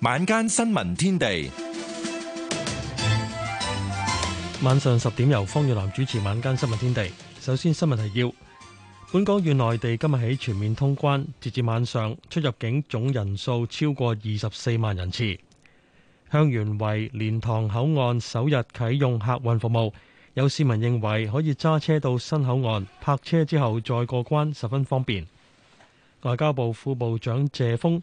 晚間新聞天地，晚上十點由方月蘭主持晚間新聞天地。首先新聞提要：本港與內地今日起全面通關，截至晚上出入境總人數超過二十四萬人次。香園圍蓮塘口岸首日啟用客運服務，有市民認為可以揸車到新口岸泊車之後再過關，十分方便。外交部副部長謝鋒。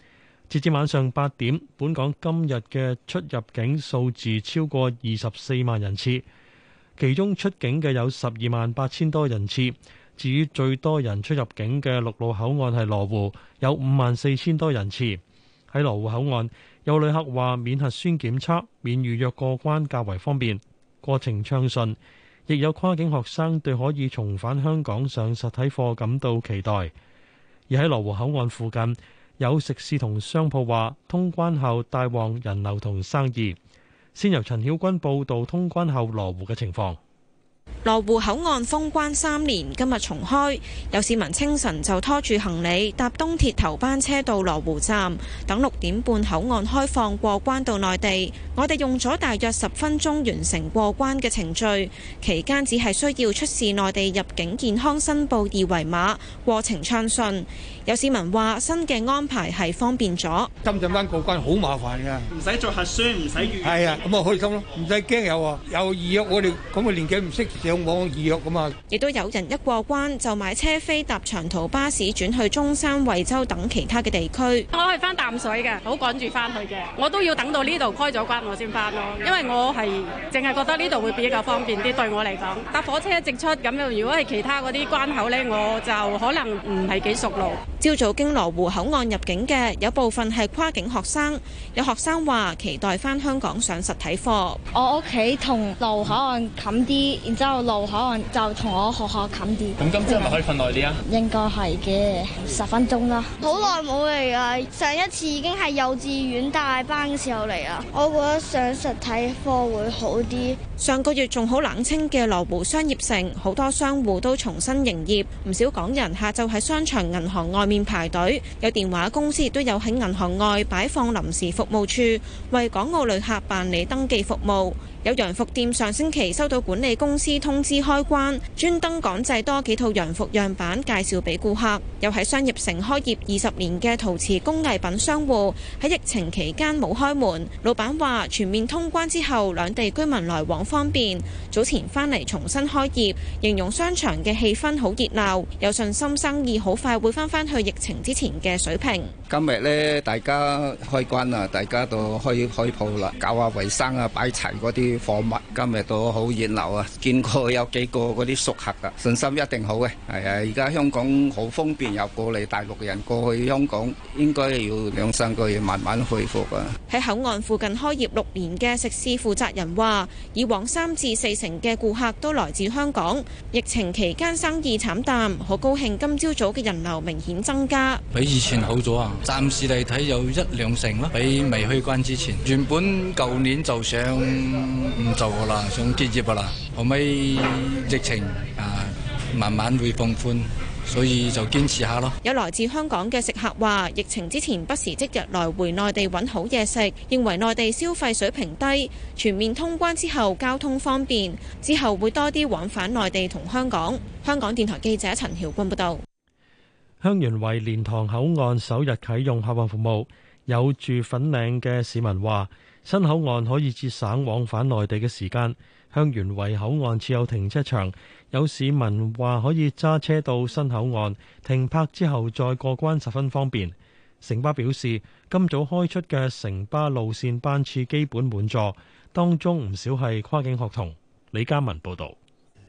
截至晚上八點，本港今日嘅出入境數字超過二十四萬人次，其中出境嘅有十二萬八千多人次。至於最多人出入境嘅陸路口岸係羅湖，有五萬四千多人次。喺羅湖口岸，有旅客話免核酸檢測、免預約過關較為方便，過程暢順。亦有跨境學生對可以重返香港上實體課感到期待。而喺羅湖口岸附近，有食肆同商鋪話，通關後帶旺人流同生意。先由陳曉君報道通關後羅湖嘅情況。羅湖口岸封關三年，今日重開，有市民清晨就拖住行李搭東鐵頭班車到羅湖站，等六點半口岸開放過關到內地。我哋用咗大約十分鐘完成過關嘅程序，期間只係需要出示內地入境健康申報二維碼，過程暢順。有市民話：新嘅安排係方便咗，深圳灣過關好麻煩㗎，唔使做核酸，唔使預約，係啊，咁啊開心咯，唔使驚有啊，有預約我哋咁嘅年紀唔識上網預約㗎嘛。亦都有人一過關就買車飛搭長途巴士轉去中山、惠州等其他嘅地區。我係翻淡水嘅，好趕住翻去嘅，我都要等到呢度開咗關我先翻咯，因為我係淨係覺得呢度會比較方便啲對我嚟講。搭火車直出咁樣，如果係其他嗰啲關口咧，我就可能唔係幾熟路。朝早經羅湖口岸入境嘅有部分係跨境學生，有學生話期待返香港上實體課。我屋企同路口岸近啲，然之後路口岸就同我學校近啲。咁、嗯、今朝係咪可以瞓耐啲啊？應該係嘅，十分鐘啦。好耐冇嚟啊！上一次已經係幼稚園大班嘅時候嚟啊。我覺得上實體課會好啲。上個月仲好冷清嘅羅湖商業城，好多商戶都重新營業，唔少港人下晝喺商場、銀行外。面排隊，有電話公司亦都有喺銀行外擺放臨時服務處，為港澳旅客辦理登記服務。有洋服店上星期收到管理公司通知開關，專登趕製多幾套洋服樣板介紹俾顧客。又喺商業城開業二十年嘅陶瓷工藝品商戶喺疫情期間冇開門，老闆話全面通關之後兩地居民來往方便，早前翻嚟重新開業，形容商場嘅氣氛好熱鬧，有信心生意好快會翻返去疫情之前嘅水平。今日咧大家開關啊，大家都開開鋪啦，搞下衛生啊，擺齊嗰啲。貨物今日都好熱鬧啊！見過有幾個嗰啲熟客啊，信心一定好嘅。係啊，而家香港好方便，有過嚟大陸人過去香港，應該要兩三個月慢慢恢復啊。喺口岸附近開業六年嘅食肆負責人話：以往三至四成嘅顧客都來自香港，疫情期間生意慘淡，好高興今朝早嘅人流明顯增加，比以前好咗啊！暫時嚟睇有一兩成啦，比未去關之前，原本舊年就想。唔做噶啦，想結業噶啦。後尾疫情啊，慢慢會放寬，所以就堅持下咯。有來自香港嘅食客話：，疫情之前不時即日來回內地揾好嘢食，認為內地消費水平低。全面通關之後，交通方便，之後會多啲往返內地同香港。香港電台記者陳曉君報道：，香園圍蓮塘口岸首日啟用客運服務，有住粉嶺嘅市民話。新口岸可以節省往返內地嘅時間。香園圍口岸設有停車場，有市民話可以揸車到新口岸停泊之後再過關，十分方便。城巴表示，今早開出嘅城巴路線班次基本滿座，當中唔少係跨境學童。李嘉文報道。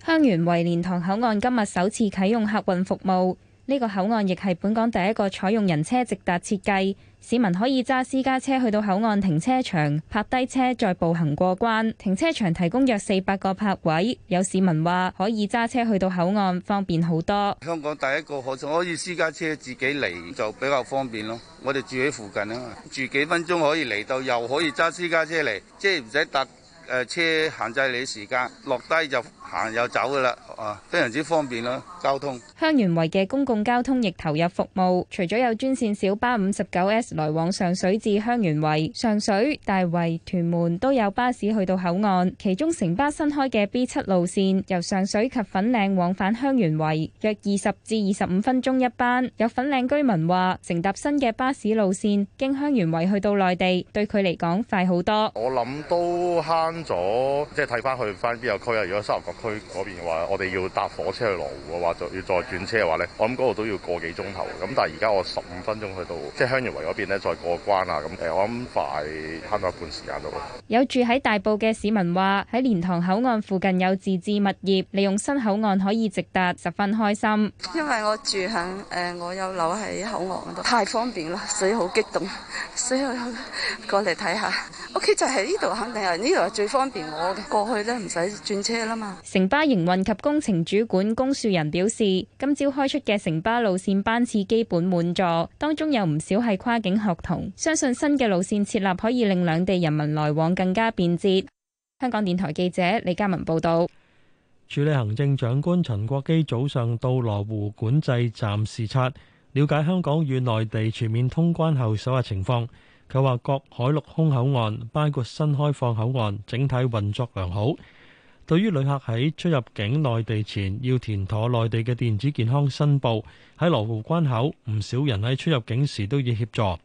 香園圍蓮塘口岸今日首次啟用客運服務。呢個口岸亦係本港第一個採用人車直達設計，市民可以揸私家車去到口岸停車場泊低車，再步行過關。停車場提供約四百個泊位，有市民話可以揸車去到口岸，方便好多。香港第一個可可以私家車自己嚟就比較方便咯。我哋住喺附近啊嘛，住幾分鐘可以嚟到，又可以揸私家車嚟，即係唔使搭誒車限制你時間落低就。行又走噶啦，啊，非常之方便啦。交通。香園圍嘅公共交通亦投入服務，除咗有專線小巴五十九 S 來往上水至香園圍，上水、大圍、屯門都有巴士去到口岸。其中城巴新開嘅 B 七路線由上水及粉嶺往返香園圍，約二十至二十五分鐘一班。有粉嶺居民話，乘搭新嘅巴士路綫經香園圍去到內地，對佢嚟講快好多。我諗都慳咗，即係睇翻去翻邊有區啊？如果三。入去嗰邊話，我哋要搭火車去羅湖嘅話，就要再轉車嘅話咧，我諗嗰度都要個幾鐘頭。咁但係而家我十五分鐘去到，即係香園圍嗰邊咧，再過關啊咁。誒，我諗快慳咗一半時間到。有住喺大埔嘅市民話：喺蓮塘口岸附近有自置物業，利用新口岸可以直達，十分開心。因為我住響誒、呃，我有樓喺口岸嗰度，太方便啦，所以好激動，所以我過嚟睇下屋企就係呢度，肯定係呢度係最方便我嘅，過去都唔使轉車啦嘛。城巴營運及工程主管龔樹仁表示，今朝開出嘅城巴路線班次基本滿座，當中有唔少係跨境學童。相信新嘅路線設立可以令兩地人民來往更加便捷。香港電台記者李嘉文報道。署理行政長官陳國基早上到羅湖管制站視察，了解香港與內地全面通關後首日情況。佢話：各海陸空口岸，包括新開放口岸，整體運作良好。對於旅客喺出入境內地前要填妥內地嘅電子健康申報，喺羅湖關口唔少人喺出入境時都要協助。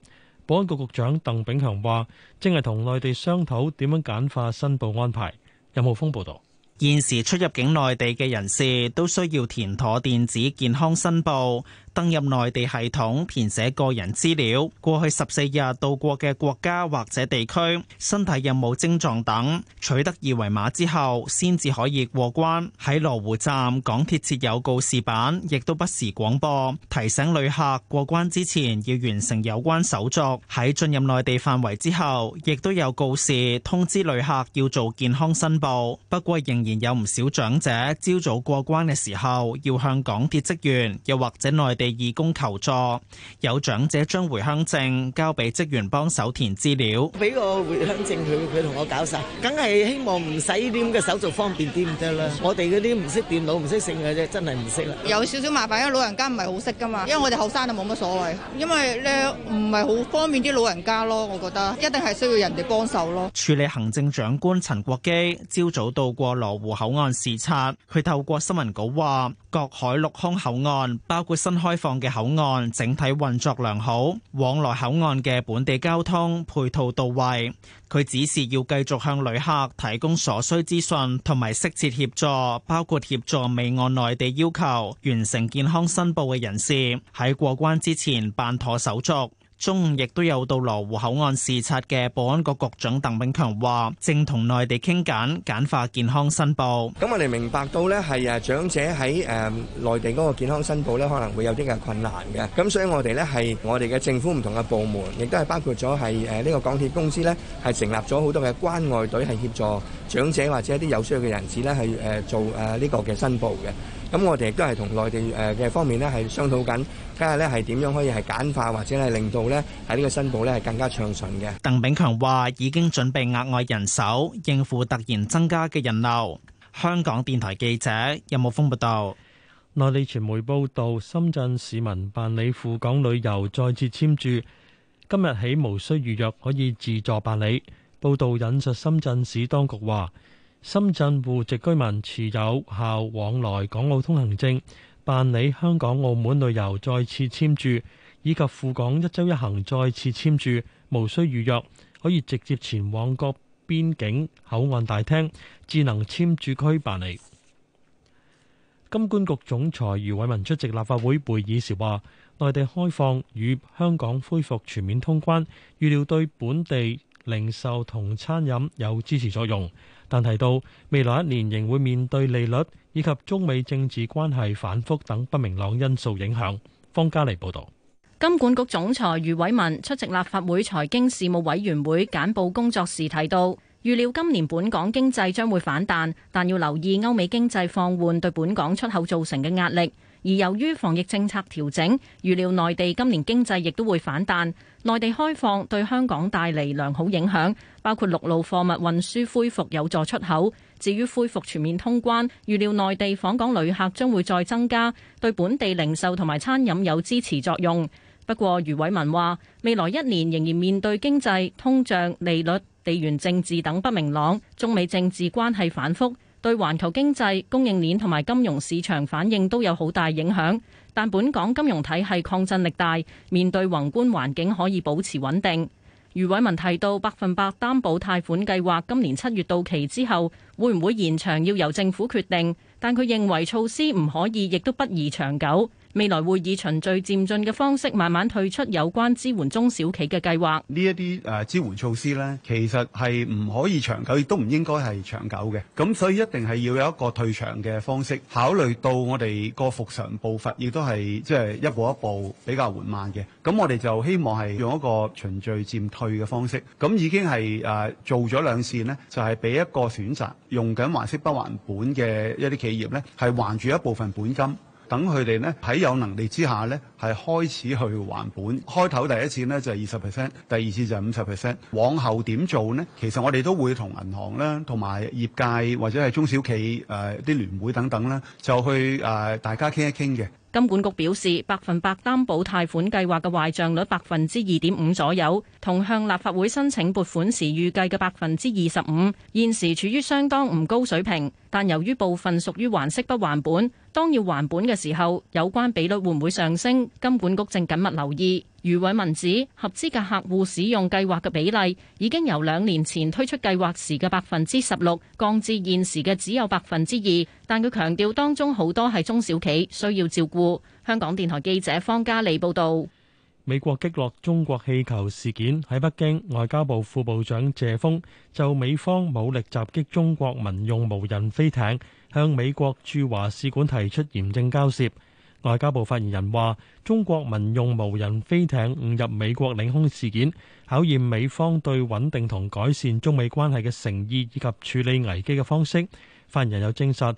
保安局局長鄧炳強話，正係同內地商討點樣簡化申報安排。任浩峯報導。現時出入境內地嘅人士都需要填妥電子健康申報。登入內地系統，填寫個人資料、過去十四日到過嘅國家或者地區、身體有無症狀等，取得二維碼之後，先至可以過關。喺羅湖站港鐵設有告示板，亦都不時廣播提醒旅客過關之前要完成有關手續。喺進入內地範圍之後，亦都有告示通知旅客要做健康申報。不過仍然有唔少長者朝早過關嘅時候，要向港鐵職員又或者內地。義工求助，有長者將回鄉證交俾職員幫手填資料。俾個回鄉證佢，佢同我搞晒，梗係希望唔使啲咁嘅手續方便啲唔得啦。我哋嗰啲唔識電腦、唔識性嘅啫，真係唔識啦。有少少麻煩，因為老人家唔係好識噶嘛。因為我哋後生就冇乜所謂，因為呢唔係好方便啲老人家咯，我覺得一定係需要人哋幫手咯。處理行政長官陳國基朝早到過羅湖口岸視察，佢透過新聞稿話，各海陸空口岸包括新開。放嘅口岸整體運作良好，往來口岸嘅本地交通配套到位。佢指示要繼續向旅客提供所需資訊同埋適切協助，包括協助未按內地要求完成健康申報嘅人士喺過關之前辦妥手續。中午亦都有到羅湖口岸視察嘅保安局局長鄧炳強話，正同內地傾緊簡化健康申報。咁我哋明白到咧，係啊長者喺誒內地嗰個健康申報咧，可能會有啲嘅困難嘅。咁所以我哋咧係我哋嘅政府唔同嘅部門，亦都係包括咗係誒呢個港鐵公司咧，係成立咗好多嘅關愛隊，係協助長者或者一啲有需要嘅人士咧，係誒做誒呢個嘅申報嘅。咁我哋亦都係同內地誒嘅方面呢係商討緊，梗日呢係點樣可以係簡化，或者係令到呢喺呢個申報呢係更加暢順嘅。鄧炳強話：已經準備額外人手，應付突然增加嘅人流。香港電台記者任武峯報道。內地傳媒報道，深圳市民辦理赴港旅遊再次簽注，今日起無需預約，可以自助辦理。報道引述深圳市當局話。深圳戶籍居民持有效往來港澳通行證，辦理香港澳門旅遊再次簽注以及赴港一周一行再次簽注，無需預約，可以直接前往各邊境口岸大廳智能簽注區辦理。金管局總裁余偉文出席立法會會議時話，內地開放與香港恢復全面通關，預料對本地零售同餐飲有支持作用。但提到未來一年仍會面對利率以及中美政治關係反覆等不明朗因素影響，方家莉報道。金管局總裁余偉文出席立法會財經事務委員會簡報工作時提到，預料今年本港經濟將會反彈，但要留意歐美經濟放緩對本港出口造成嘅壓力。而由於防疫政策調整，預料內地今年經濟亦都會反彈。內地開放對香港帶嚟良好影響，包括陸路貨物運輸恢復有助出口。至於恢復全面通關，預料內地訪港旅客將會再增加，對本地零售同埋餐飲有支持作用。不過，余偉文話，未來一年仍然面對經濟、通脹、利率、地緣政治等不明朗，中美政治關係反覆。對環球經濟、供應鏈同埋金融市場反應都有好大影響，但本港金融體系抗震力大，面對宏觀環境可以保持穩定。余偉文提到，百分百擔保貸款計劃今年七月到期之後，會唔會延長要由政府決定，但佢認為措施唔可以，亦都不宜長久。未來會以循序漸進嘅方式慢慢退出有關支援中小企嘅計劃。呢一啲誒支援措施咧，其實係唔可以長久，亦都唔應該係長久嘅。咁所以一定係要有一個退場嘅方式。考慮到我哋個復常步伐亦都係即係一步一步比較緩慢嘅，咁我哋就希望係用一個循序漸退嘅方式。咁已經係誒做咗兩線呢，就係俾一個選擇，用緊還息不還本嘅一啲企業咧，係還住一部分本金。等佢哋咧喺有能力之下咧，係開始去還本。開頭第一次咧就係二十 percent，第二次就係五十 percent。往後點做咧？其實我哋都會同銀行啦，同埋業界或者係中小企誒啲聯會等等啦，就去誒、呃、大家傾一傾嘅。金管局表示，百分百擔保貸款計劃嘅壞賬率百分之二點五左右，同向立法會申請撥款時預計嘅百分之二十五，現時處於相當唔高水平。但由於部分屬於還息不還本，當要還本嘅時候，有關比率會唔會上升？金管局正緊密留意。余偉文指，合資格客戶使用計劃嘅比例已經由兩年前推出計劃時嘅百分之十六降至現時嘅只有百分之二，但佢強調當中好多係中小企需要照顧。香港電台記者方嘉利報道。美國擊落中國氣球事件，喺北京，外交部副部長謝鋒就美方武力襲擊中國民用無人飛艇，向美國駐華使館提出嚴正交涉。外交部發言人話：中國民用無人飛艇誤入美國領空事件，考驗美方對穩定同改善中美關係嘅誠意以及處理危機嘅方式。發言人又證實，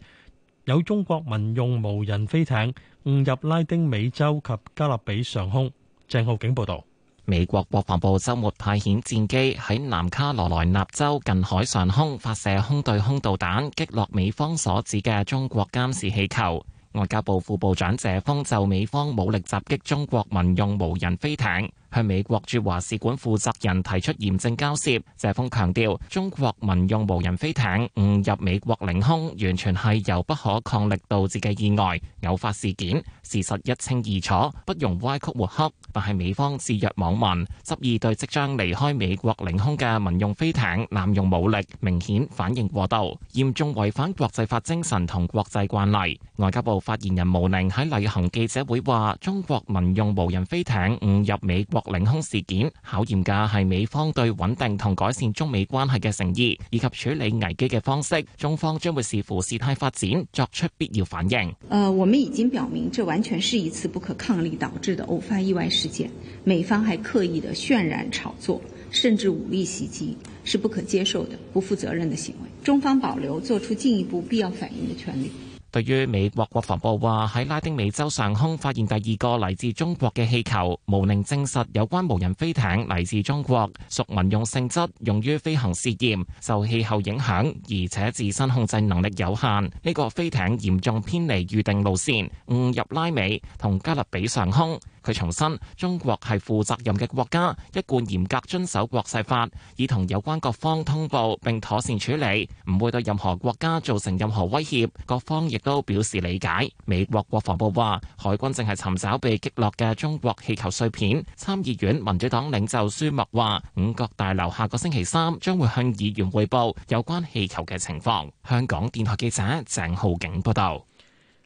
有中國民用無人飛艇誤入拉丁美洲及加勒比上空。鄭浩景報道：美國國防部周末派遣戰機喺南卡羅來納州近海上空發射空對空導彈，擊落美方所指嘅中國監視氣球。外交部副部長謝鋒就美方武力襲擊中國民用無人飛艇，向美國駐華使館負責人提出嚴正交涉。謝峰強調，中國民用無人飛艇誤入美國領空，完全係由不可抗力導致嘅意外偶發事件，事實一清二楚，不容歪曲抹黑。但係美方置若罔聞，執意對即將離開美國領空嘅民用飛艇濫用武力，明顯反應過度，嚴重違反國際法精神同國際慣例。外交部發言人毛寧喺例行記者會話：中國民用無人飛艇誤入美國。領空事件考驗嘅係美方對穩定同改善中美關係嘅誠意，以及處理危機嘅方式。中方將會視乎事態發展作出必要反應。呃，我們已經表明，這完全是一次不可抗力導致的偶發意外事件。美方還刻意的渲染、炒作，甚至武力襲擊，是不可接受的、不負責任的行為。中方保留做出進一步必要反應的權利。對於美國國防部話喺拉丁美洲上空發現第二個嚟自中國嘅氣球，無寧證實有關無人飛艇嚟自中國，屬民用性質，用於飛行試驗，受氣候影響，而且自身控制能力有限。呢、這個飛艇嚴重偏離預定路線，誤入拉美同加勒比上空。佢重申，中國係負責任嘅國家，一貫嚴格遵守國際法，已同有關各方通報並妥善處理，唔會對任何國家造成任何威脅，各方亦都表示理解。美國國防部話，海軍正係尋找被擊落嘅中國氣球碎片。參議院民主黨領袖舒默話，五角大樓下個星期三將會向議員匯報有關氣球嘅情況，香港電台記者鄭浩景報道。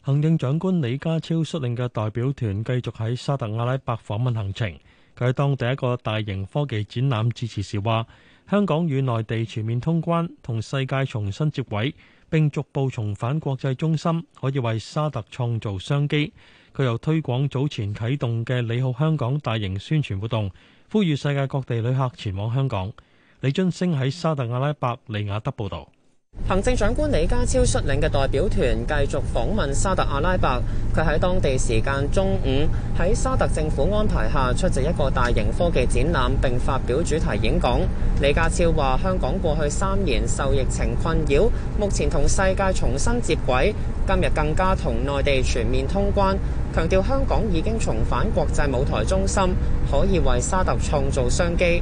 行政長官李家超率領嘅代表團繼續喺沙特阿拉伯訪問行程。佢喺當地一個大型科技展覽致辭時話：香港與內地全面通關，同世界重新接軌，並逐步重返國際中心，可以為沙特創造商機。佢又推廣早前啟動嘅“你好香港”大型宣傳活動，呼籲世界各地旅客前往香港。李晉升喺沙特阿拉伯利雅德報道。行政長官李家超率領嘅代表團繼續訪問沙特阿拉伯。佢喺當地時間中午喺沙特政府安排下出席一個大型科技展覽，並發表主題演講。李家超話：香港過去三年受疫情困擾，目前同世界重新接軌，今日更加同內地全面通關。強調香港已經重返國際舞台中心，可以為沙特創造商機。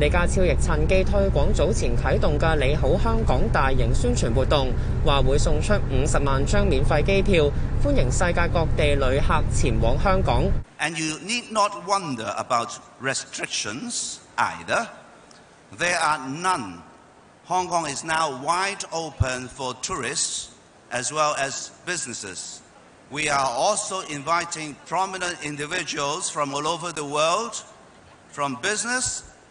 李家超亦趁機推廣早前啟動嘅“你好香港”大型宣傳活動，話會送出五十萬張免費機票，歡迎世界各地旅客前往香港。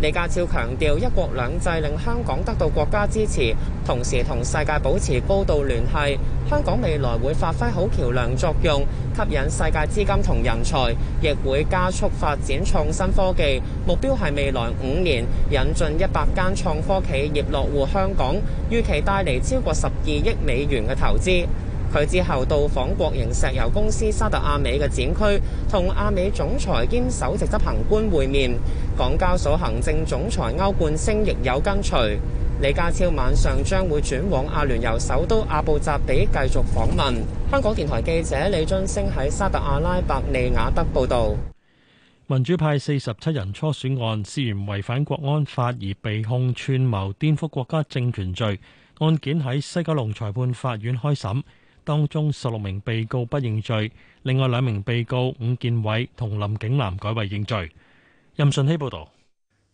李家超強調，一國兩制令香港得到國家支持，同時同世界保持高度聯繫。香港未來會發揮好橋樑作用，吸引世界資金同人才，亦會加速發展創新科技。目標係未來五年引進一百間創科企業落戶香港，預期帶嚟超過十二億美元嘅投資。佢之後到訪國營石油公司沙特阿美嘅展區，同阿美總裁兼首席執行官會面。港交所行政總裁歐冠昇亦有跟隨。李家超晚上將會轉往阿聯酋首都阿布扎比繼續訪問。香港電台記者李津星喺沙特阿拉伯利雅德報道。民主派四十七人初選案涉嫌違反國安法而被控串謀顛覆覆國家政權罪，案件喺西九龍裁判法院開審。當中十六名被告不認罪，另外兩名被告伍建偉同林景南改為認罪。任信熙報道，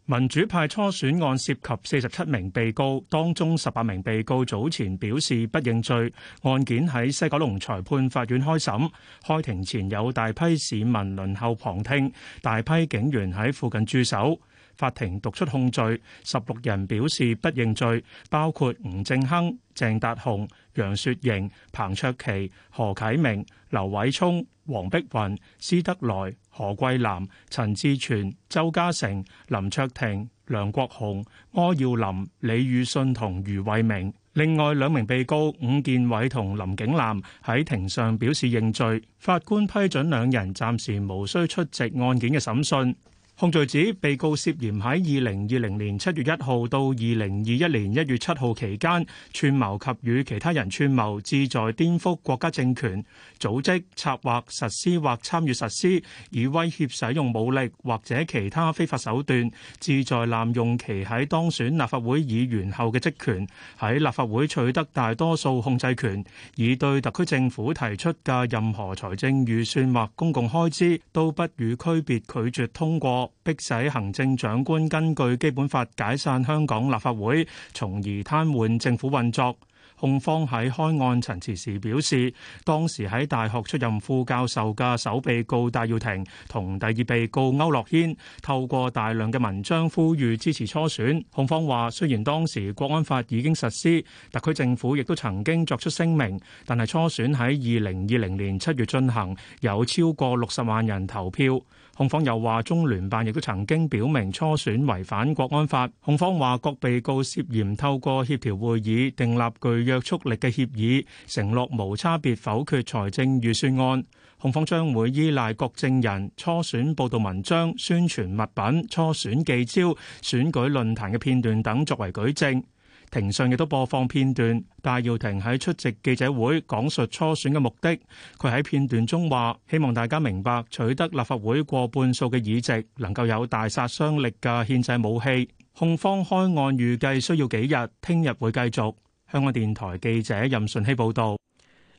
民主派初選案涉及四十七名被告，當中十八名被告早前表示不認罪。案件喺西九龍裁判法院開審，開庭前有大批市民輪候旁聽，大批警員喺附近駐守。法庭讀出控罪，十六人表示不認罪，包括吳政亨、鄭達鴻、楊雪盈、彭卓棋、何啟明、劉偉聰、黃碧雲、施德來、何桂藍、陳志全、鄒家成、林卓廷、梁國雄、柯耀林、李予信同余慧明。另外兩名被告伍健偉同林景楠喺庭上表示認罪，法官批准兩人暫時無需出席案件嘅審訊。控罪指被告涉嫌喺二零二零年七月一號到二零二一年一月七號期間串謀及與其他人串謀，旨在顛覆國家政權、組織、策劃、實施或參與實施，以威脅使用武力或者其他非法手段，旨在濫用其喺當選立法會議員後嘅職權，喺立法會取得大多數控制權，以對特區政府提出嘅任何財政預算或公共開支都不予區別拒絕通過。迫使行政長官根據基本法解散香港立法會，從而癱瘓政府運作。控方喺開案陳詞時表示，當時喺大學出任副教授嘅首被告戴耀廷同第二被告區諾軒，透過大量嘅文章呼籲支持初選。控方話，雖然當時國安法已經實施，特區政府亦都曾經作出聲明，但係初選喺二零二零年七月進行，有超過六十萬人投票。控方又話，中聯辦亦都曾經表明初選違反國安法。控方話，各被告涉嫌透過協調會議訂立具約束力嘅協議，承諾無差別否決財政預算案。控方將會依賴各證人、初選報導文章、宣傳物品、初選記招、選舉論壇嘅片段等作為舉證。庭上亦都播放片段，戴耀廷喺出席記者會講述初選嘅目的。佢喺片段中話，希望大家明白取得立法會過半數嘅議席，能夠有大殺傷力嘅憲制武器。控方開案預計需要幾日，聽日會繼續。香港電台記者任順希報道。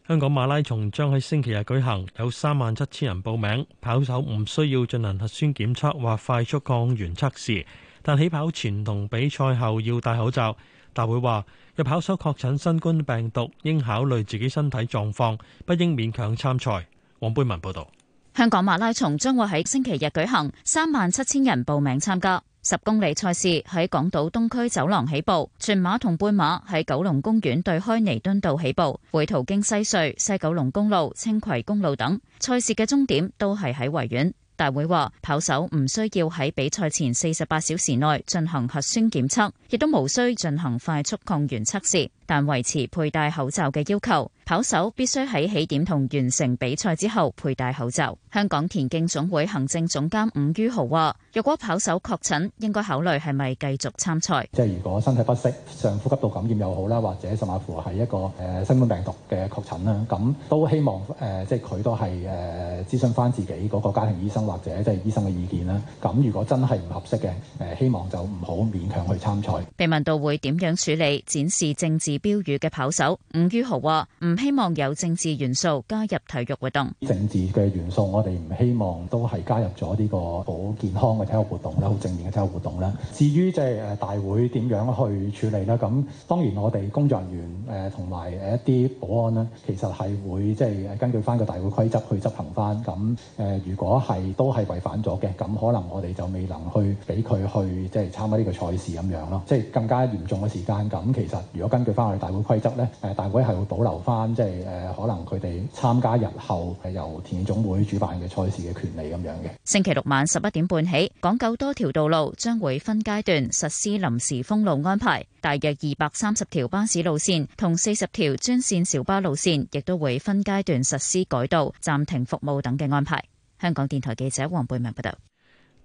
香港馬拉松將喺星期日舉行，有三萬七千人報名。跑手唔需要進行核酸檢測或快速抗原測試，但起跑前同比賽後要戴口罩。大會話，入跑手確診新冠病毒，應考慮自己身體狀況，不應勉強參賽。黃貝文報道，香港馬拉松將會喺星期日舉行，三萬七千人報名參加，十公里賽事喺港島東區走廊起步，全馬同半馬喺九龍公園對開彌敦道起步，回途經西隧、西九龍公路、青葵公路等，賽事嘅終點都係喺維園。大會話，跑手唔需要喺比賽前四十八小時內進行核酸檢測，亦都無需進行快速抗原測試，但維持佩戴口罩嘅要求。跑手必須喺起點同完成比賽之後佩戴口罩。香港田徑總會行政總監伍於豪話：若果跑手確診，應該考慮係咪繼續參賽。即係如果身體不適，上呼吸道感染又好啦，或者甚至乎係一個誒新冠病毒嘅確診啦，咁都希望誒、呃，即係佢都係誒諮詢翻自己嗰個家庭醫生或者即係醫生嘅意見啦。咁如果真係唔合適嘅，誒、呃、希望就唔好勉強去參賽。被問到會點樣處理展示政治標語嘅跑手，伍於豪話：唔希望有政治元素加入體育活動。政治嘅元素，我哋唔希望都係加入咗呢個好健康嘅體育活動啦，好正面嘅體育活動啦。至於即係誒大會點樣去處理啦，咁當然我哋工作人員誒同埋誒一啲保安咧，其實係會即係、就是、根據翻個大會規則去執行翻。咁誒如果係都係違反咗嘅，咁可能我哋就未能去俾佢去即係、就是、參加呢個賽事咁樣咯。即係更加嚴重嘅時間咁，其實如果根據翻我哋大會規則咧，誒大會係會保留翻。即係誒，可能佢哋參加日後係由田徑總會主辦嘅賽事嘅權利咁樣嘅。星期六晚十一點半起，港九多條道路將會分階段實施臨時封路安排，大約二百三十條巴士路線同四十條專線小巴路線，亦都會分階段實施改道、暫停服務等嘅安排。香港電台記者黃貝明報道。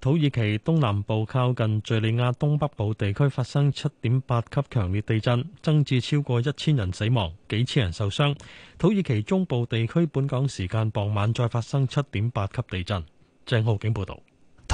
土耳其東南部靠近敘利亞東北部地區發生七點八級強烈地震，增至超過一千人死亡，幾千人受傷。土耳其中部地區本港時間傍晚再發生七點八級地震。鄭浩景報道。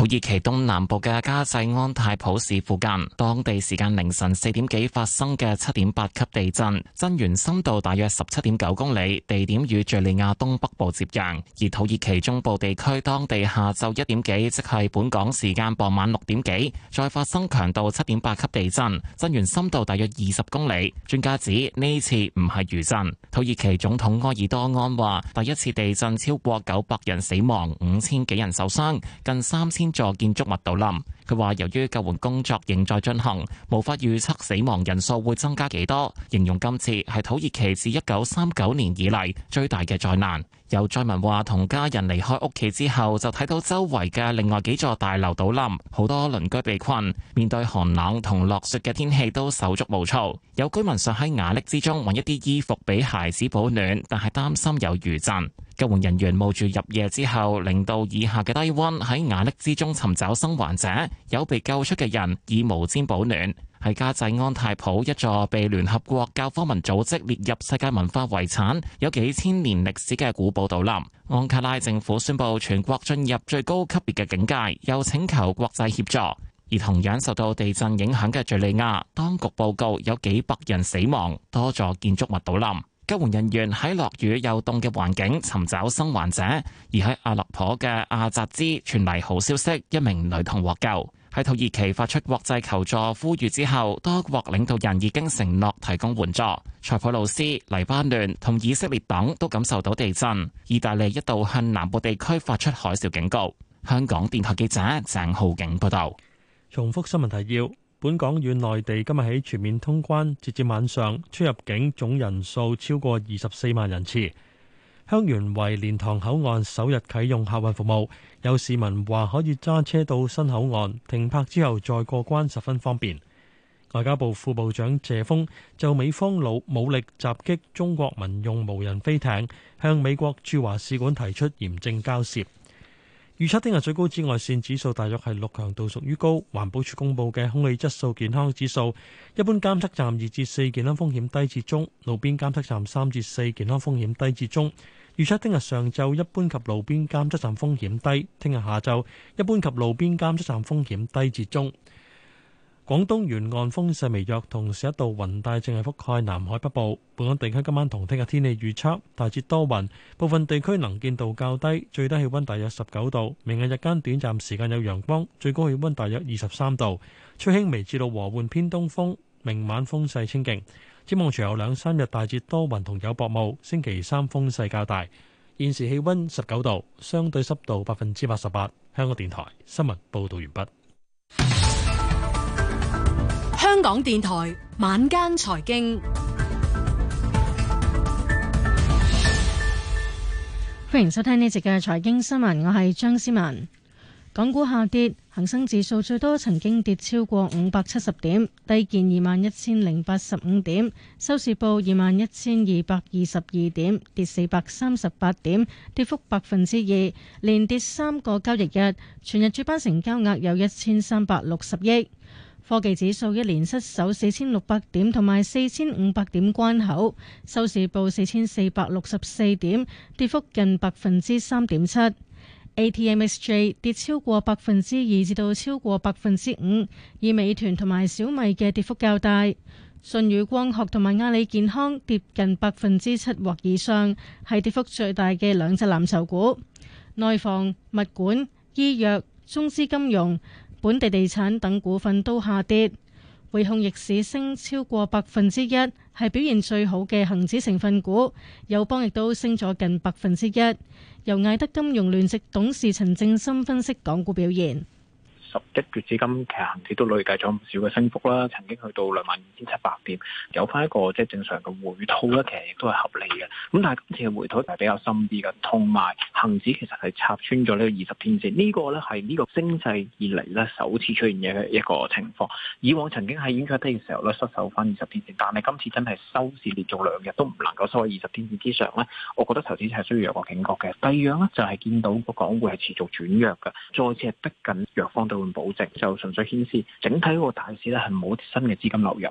土耳其東南部嘅加濟安泰普市附近，當地時間凌晨四點幾發生嘅七點八級地震，震源深度大約十七點九公里，地點與敘利亞東北部接壤。而土耳其中部地區當地下晝一點幾，即係本港時間傍晚六點幾，再發生強度七點八級地震，震源深度大約二十公里。專家指呢次唔係餘震。土耳其總統埃爾多安話，第一次地震超過九百人死亡，五千幾人受傷，近三千。座建築物倒冧，佢話由於救援工作仍在進行，無法預測死亡人數會增加幾多。形容今次係土耳其自一九三九年以嚟最大嘅災難。有災民話，同家人離開屋企之後，就睇到周圍嘅另外幾座大樓倒冧，好多鄰居被困，面對寒冷同落雪嘅天氣都手足無措。有居民想喺瓦礫之中揾一啲衣服俾孩子保暖，但係擔心有餘震。救援人員冒住入夜之後零度以下嘅低溫，喺瓦礫之中尋找生還者。有被救出嘅人以毛氈保暖。喺加濟安泰普一座被聯合國教科文組織列入世界文化遺產、有幾千年歷史嘅古堡倒冧。安卡拉政府宣布全國進入最高級別嘅警戒，又請求國際協助。而同樣受到地震影響嘅敍利亞，當局報告有幾百人死亡，多座建築物倒冧。救援人員喺落雨又凍嘅環境尋找生還者，而喺阿勒頗嘅亞扎茲傳嚟好消息，一名女童獲救。喺土耳其發出國際求助呼籲之後，多國領導人已經承諾提供援助。塞浦路斯、黎巴嫩同以色列等都感受到地震。意大利一度向南部地區發出海嘯警告。香港電台記者鄭浩景報道。重複新聞提要。本港與內地今日起全面通關，截至晚上出入境總人數超過二十四萬人次。香園圍蓮塘口岸首日啟用客運服務，有市民話可以揸車到新口岸停泊之後再過關，十分方便。外交部副部長謝鋒就美方老武力襲擊中國民用無人飛艇，向美國駐華使館提出嚴正交涉。預測聽日最高紫外線指數大約係六強度，屬於高。環保署公布嘅空氣質素健康指數，一般監測站二至四，健康風險低至中；路邊監測站三至四，健康風險低至中。預測聽日上晝一般及路邊監測站風險低，聽日下晝一般及路邊監測站風險低至中。廣東沿岸風勢微弱，同時一道雲帶正係覆蓋南海北部。本港地區今晚同聽日天氣預測：大致多雲，部分地區能見度較低，最低氣溫大約十九度。明日日間短暫時間有陽光，最高氣溫大約二十三度，吹輕微至到和緩偏東風。明晚風勢清勁，展望隨後兩三日大致多雲同有薄霧。星期三風勢較大。現時氣溫十九度，相對濕度百分之八十八。香港電台新聞報道完畢。香港電台晚間財經，歡迎收聽呢集嘅財經新聞。我係張思文。港股下跌，恒生指數最多曾經跌超過五百七十點，低見二萬一千零八十五點，收市報二萬一千二百二十二點，跌四百三十八點，跌幅百分之二，連跌三個交易日。全日主板成交額有一千三百六十億。科技指數一連失守四千六百點同埋四千五百點關口，收市報四千四百六十四點，跌幅近百分之三點七。ATM、S、J 跌超過百分之二至到超過百分之五，以美團同埋小米嘅跌幅較大。舜宇光學同埋阿里健康跌近百分之七或以上，係跌幅最大嘅兩隻藍籌股。內房、物管、醫藥、中資金融、本地地產等股份都下跌，匯控逆市升超過百分之一，係表現最好嘅恒指成分股。友邦亦都升咗近百分之一，由艾德金融聯席董事陳正森分析港股表現。十一月至今，其實恆指都累計咗唔少嘅升幅啦，曾經去到兩萬五千七百點，有翻一個即係正常嘅回吐啦，其實亦都係合理嘅。咁但係今次嘅回吐係比較深啲嘅，同埋恆指其實係插穿咗呢個二十天線，呢個呢係呢個升勢以嚟呢首次出現嘅一個情況。以往曾經喺遠距低嘅時候呢，失守翻二十天線，但係今次真係收市連續兩日都唔能夠收喺二十天線之上呢，我覺得投資者係需要有個警覺嘅。第二樣呢，就係、是、見到個港匯係持續轉弱嘅，再次係逼緊弱方到。保值就純粹顯示整體嗰個大市咧，係冇新嘅資金流入。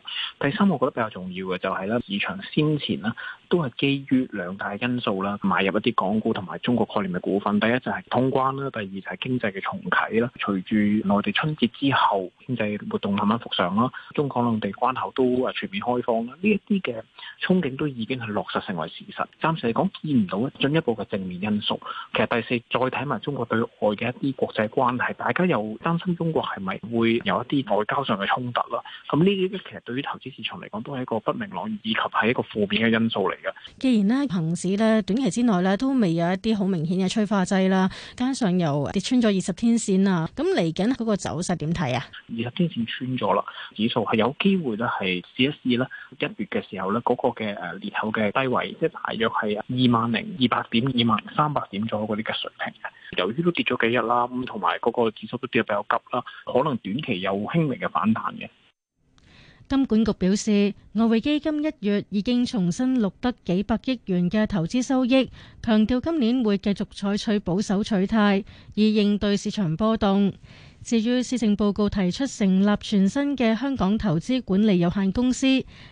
第三，我覺得比較重要嘅就係、是、咧，市場先前咧都係基於兩大因素啦，買入一啲港股同埋中國概念嘅股份。第一就係通關啦，第二就係經濟嘅重啟啦。隨住內地春節之後，經濟活動慢慢復上啦，中港兩地關口都啊全面開放啦，呢一啲嘅憧憬都已經係落實成為事實。暫時嚟講見唔到進一步嘅正面因素。其實第四再睇埋中國對外嘅一啲國際關係，大家又擔。新中國係咪會有一啲外交上嘅衝突啦？咁呢啲其實對於投資市場嚟講，都係一個不明朗以及係一個負面嘅因素嚟嘅。既然呢，恆指咧短期之內咧都未有一啲好明顯嘅催化劑啦，加上又跌穿咗二十天線啊，咁嚟緊嗰個走勢點睇啊？二十天線穿咗啦，指數係有機會咧係試一試咧一月嘅時候咧嗰、嗰個嘅誒裂口嘅低位，即係大約係二萬零二百點、二萬三百點左右嗰啲嘅水平嘅。由於都跌咗幾日啦，咁同埋嗰個指數都跌得比較急啦，可能短期有輕微嘅反彈嘅。金管局表示，外匯基金一月已經重新錄得幾百億元嘅投資收益，強調今年會繼續採取保守取態，以應對市場波動。至於施政報告提出成立全新嘅香港投資管理有限公司，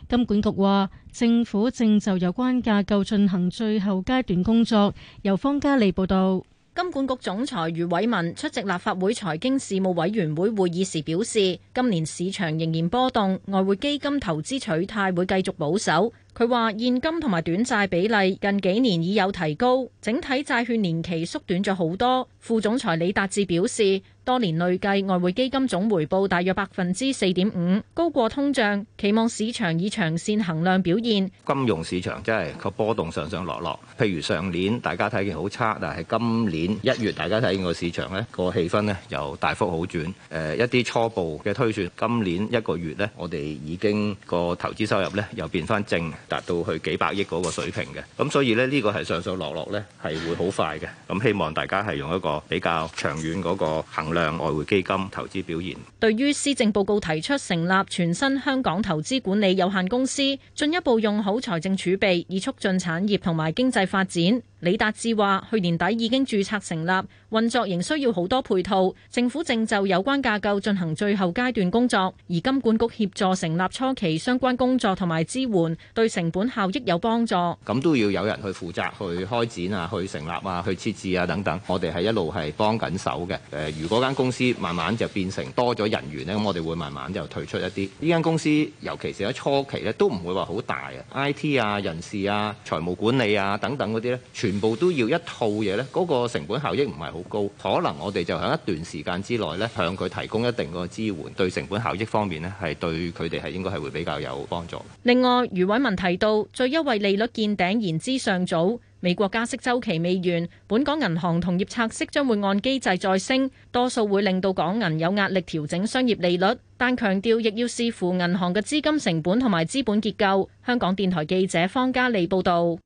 金管局話政府正就有關架構進行最後階段工作，由方嘉利報道。金管局總裁余偉文出席立法會財經事務委員會會議時表示，今年市場仍然波動，外匯基金投資取態會繼續保守。佢話現金同埋短債比例近幾年已有提高，整體債券年期縮短咗好多。副總裁李達志表示，多年累計外匯基金總回報大約百分之四點五，高過通脹。期望市場以長線衡量表現。金融市場真係個波動上上落落，譬如上年大家睇見好差，但係今年一月大家睇見個市場呢個氣氛呢又大幅好轉。誒，一啲初步嘅推算，今年一個月呢，我哋已經個投資收入呢又變翻正。達到去幾百億嗰個水平嘅，咁所以呢，呢個係上上落落，呢係會好快嘅，咁希望大家係用一個比較長遠嗰個衡量外匯基金投資表現。對於施政報告提出成立全新香港投資管理有限公司，進一步用好財政儲備以促進產業同埋經濟發展，李達志話去年底已經註冊成立。運作仍需要好多配套，政府正就有關架構進行最後階段工作，而金管局協助成立初期相關工作同埋支援，對成本效益有幫助。咁都要有人去負責去開展啊，去成立啊，去設置啊等等。我哋係一路係幫緊手嘅。誒，如果間公司慢慢就變成多咗人員咧，咁我哋會慢慢就退出一啲。呢間公司尤其是喺初期咧，都唔會話好大啊，IT 啊、人事啊、財務管理啊等等嗰啲咧，全部都要一套嘢咧，嗰、嗰個成本效益唔係好。高，可能我哋就喺一段時間之內咧，向佢提供一定個支援，對成本效益方面咧，係對佢哋係應該係會比較有幫助。另外，余偉文提到，最優惠利率見頂，言之尚早。美國加息週期未完，本港銀行同業拆息將會按機制再升，多數會令到港銀有壓力調整商業利率，但強調亦要視乎銀行嘅資金成本同埋資本結構。香港電台記者方嘉利報道。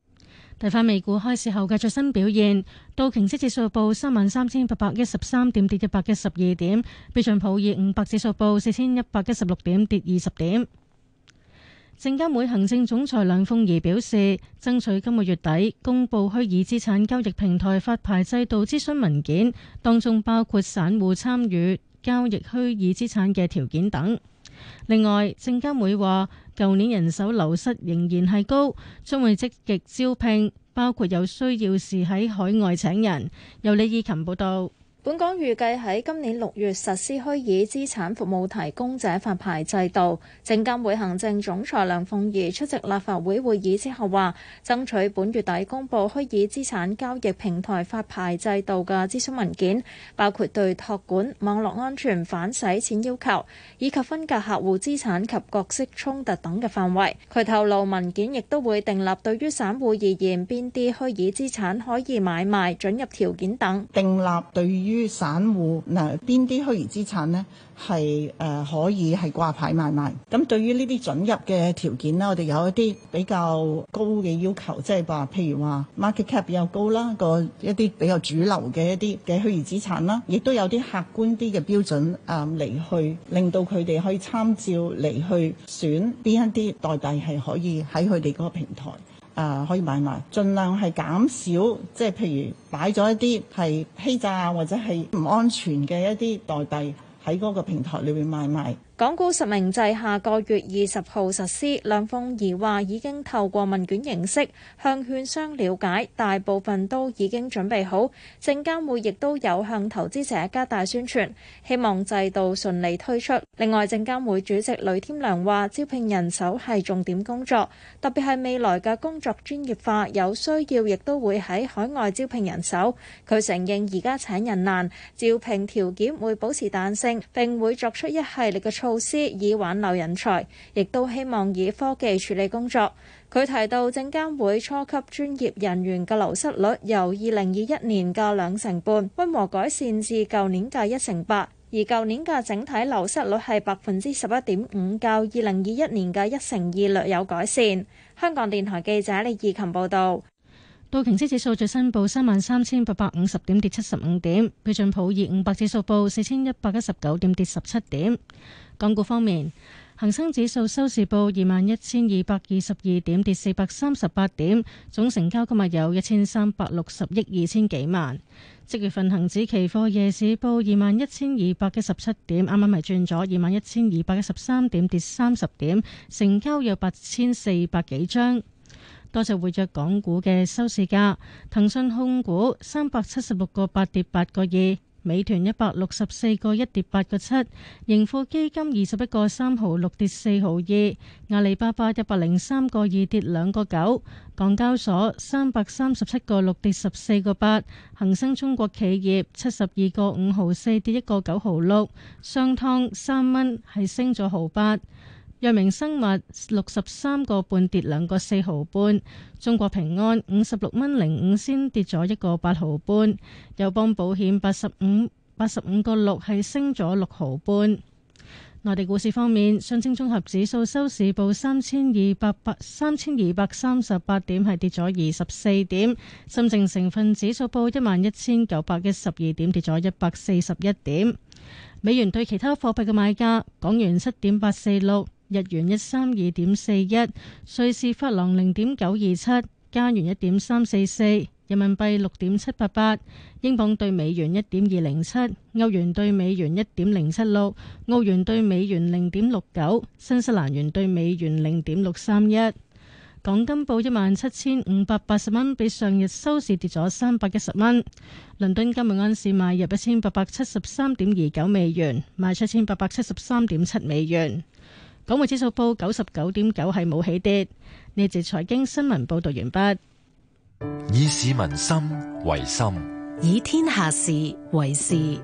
睇返美股開市後嘅最新表現，道瓊斯指數報三萬三千八百一十三點，跌一百一十二點；標準普爾五百指數報四千一百一十六點，跌二十點。證監會行政總裁梁鳳儀表示，爭取今個月底公布虛擬資產交易平台發牌制度諮詢文件，當中包括散戶參與交易虛擬資產嘅條件等。另外，證監會話。舊年人手流失仍然係高，將會積極招聘，包括有需要時喺海外請人。由李以琴報道。本港預計喺今年六月實施虛擬資產服務提供者發牌制度。證監會行政總裁梁鳳儀出席立法會會議之後話，爭取本月底公布虛擬資產交易平台發牌制度嘅諮詢文件，包括對託管、網絡安全、反洗錢要求，以及分隔客戶資產及角色衝突等嘅範圍。佢透露文件亦都會訂立對於散戶而言邊啲虛擬資產可以買賣、准入條件等。訂立對於於散戶嗱，邊啲虛擬資產咧係誒可以係掛牌買賣,賣？咁對於呢啲准入嘅條件啦，我哋有一啲比較高嘅要求，即係話，譬如話 market cap 比較高啦，個一啲比較主流嘅一啲嘅虛擬資產啦，亦都有啲客觀啲嘅標準啊嚟、呃、去令到佢哋可以參照嚟去選邊一啲代幣係可以喺佢哋嗰個平台。啊，uh, 可以買賣，盡量係減少，即係譬如擺咗一啲係欺詐或者係唔安全嘅一啲代幣喺嗰個平台裏面買賣。港股實名制下個月二十號實施，梁鳳儀話已經透過問卷形式向券商了解，大部分都已經準備好。證監會亦都有向投資者加大宣傳，希望制度順利推出。另外，證監會主席雷添良話，招聘人手係重點工作，特別係未來嘅工作專業化，有需要亦都會喺海外招聘人手。佢承認而家請人難，招聘條件會保持彈性，並會作出一系列嘅措措施以挽留人才，亦都希望以科技處理工作。佢提到證監會初級專業人員嘅流失率由二零二一年嘅兩成半溫和改善至舊年嘅一成八，而舊年嘅整體流失率係百分之十一點五，較二零二一年嘅一成二略有改善。香港電台記者李義琴報道。道瓊斯指數最新報三萬三千八百五十點，跌七十五點。標準普爾五百指數報四千一百一十九點，跌十七點。港股方面，恒生指數收市報二萬一千二百二十二點，跌四百三十八點。總成交今日有一千三百六十億二千幾萬。即月份恒指期貨夜市報二萬一千二百一十七點，啱啱咪轉咗二萬一千二百一十三點，跌三十點。成交有八千四百幾張。多隻活躍港股嘅收市價，騰訊控股三百七十六個八跌八個二，8, 8. 2, 美團一百六十四個一跌八個七，盈富基金二十一個三毫六跌四毫二，阿里巴巴一百零三個二跌兩個九，港交所三百三十七個六跌十四個八，恒生中國企業七十二個五毫四跌一個九毫六，商湯三蚊係升咗毫八。藥明生物六十三個半跌兩個四毫半，中國平安五十六蚊零五先跌咗一個八毫半，友邦保險八十五八十五個六係升咗六毫半。內地股市方面，上證綜合指數收市報三千二百八三千二百三十八點，係跌咗二十四點，深證成分指數報一萬一千九百一十二點，跌咗一百四十一點。美元對其他貨幣嘅買家，港元七點八四六。日元一三二點四一，瑞士法郎零點九二七，加元一點三四四，人民幣六點七八八，英鎊兌美元一點二零七，歐元兌美元一點零七六，澳元兌美元零點六九，新西蘭元兌美元零點六三一。港金報一萬七千五百八十蚊，比上日收市跌咗三百一十蚊。倫敦金每盎司買入一千八百七十三點二九美元，賣出一千八百七十三點七美元。港媒指數報九十九點九，係冇起跌。呢節財經新聞報道完畢。以市民心為心，以天下事為事。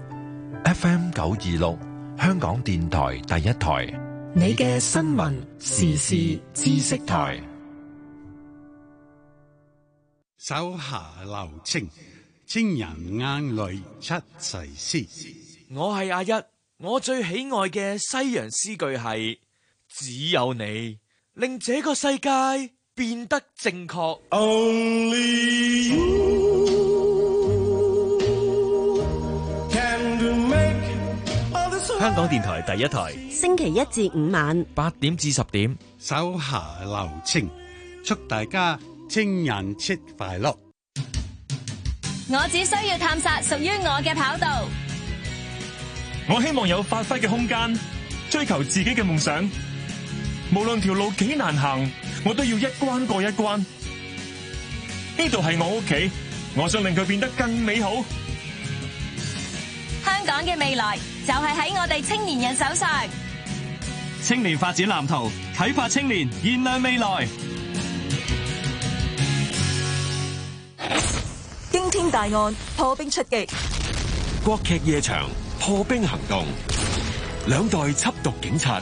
F M 九二六，香港電台第一台，你嘅新聞時事知識台。手下留情，驚人眼淚出細絲。我係阿一，我最喜愛嘅西洋詩句係。只有你令這個世界變得正確。Only you, can make 香港電台第一台，星期一至五晚八點至十點，手下留情，祝大家情人節快樂。我只需要探索屬於我嘅跑道，我希望有發揮嘅空間，追求自己嘅夢想。無論條路幾難行，我都要一關過一關。呢度係我屋企，我想令佢變得更美好。香港嘅未來就係喺我哋青年人手上。青年發展藍圖，啟發青年，燃亮未來。驚天大案，破冰出擊。國劇夜場，破冰行動。兩代緝毒警察。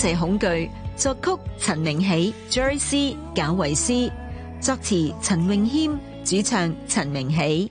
謝恐懼，作曲陳明喜、Joyce 賈維斯，作詞陳詠謙，主唱陳明喜。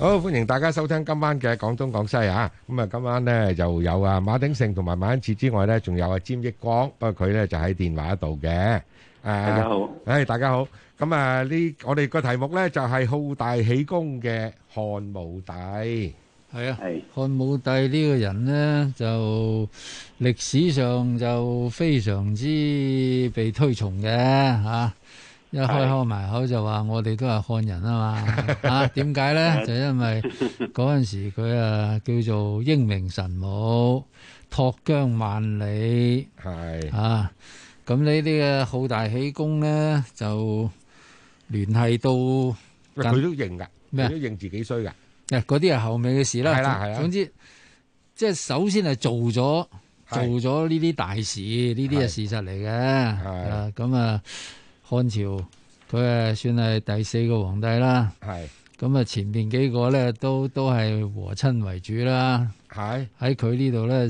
好，歡迎大家收聽今晚嘅廣東廣西啊！咁啊，今晚咧就有啊馬鼎盛同埋馬恩哲之外咧，仲有啊詹益光，不過佢咧就喺電話度嘅。誒，大家好，誒，大家好。咁啊，呢我哋個題目咧就係好大喜功嘅漢武帝。係啊，係漢武帝呢個人咧，就歷史上就非常之被推崇嘅吓。一開開埋口就話我哋都係漢人啊嘛，啊點解咧？就因為嗰陣時佢啊叫做英明神武、拓疆萬里，係啊，咁呢啲嘅好大喜功咧，就聯繫到佢都認噶，咩都認自己衰噶，誒，嗰啲係後尾嘅事啦。係啦，係啦。總之，即係首先係做咗做咗呢啲大事，呢啲係事實嚟嘅。係咁啊！漢朝佢啊算係第四個皇帝啦，係咁啊，前邊幾個咧都都係和親為主啦，係的，喺佢呢度咧。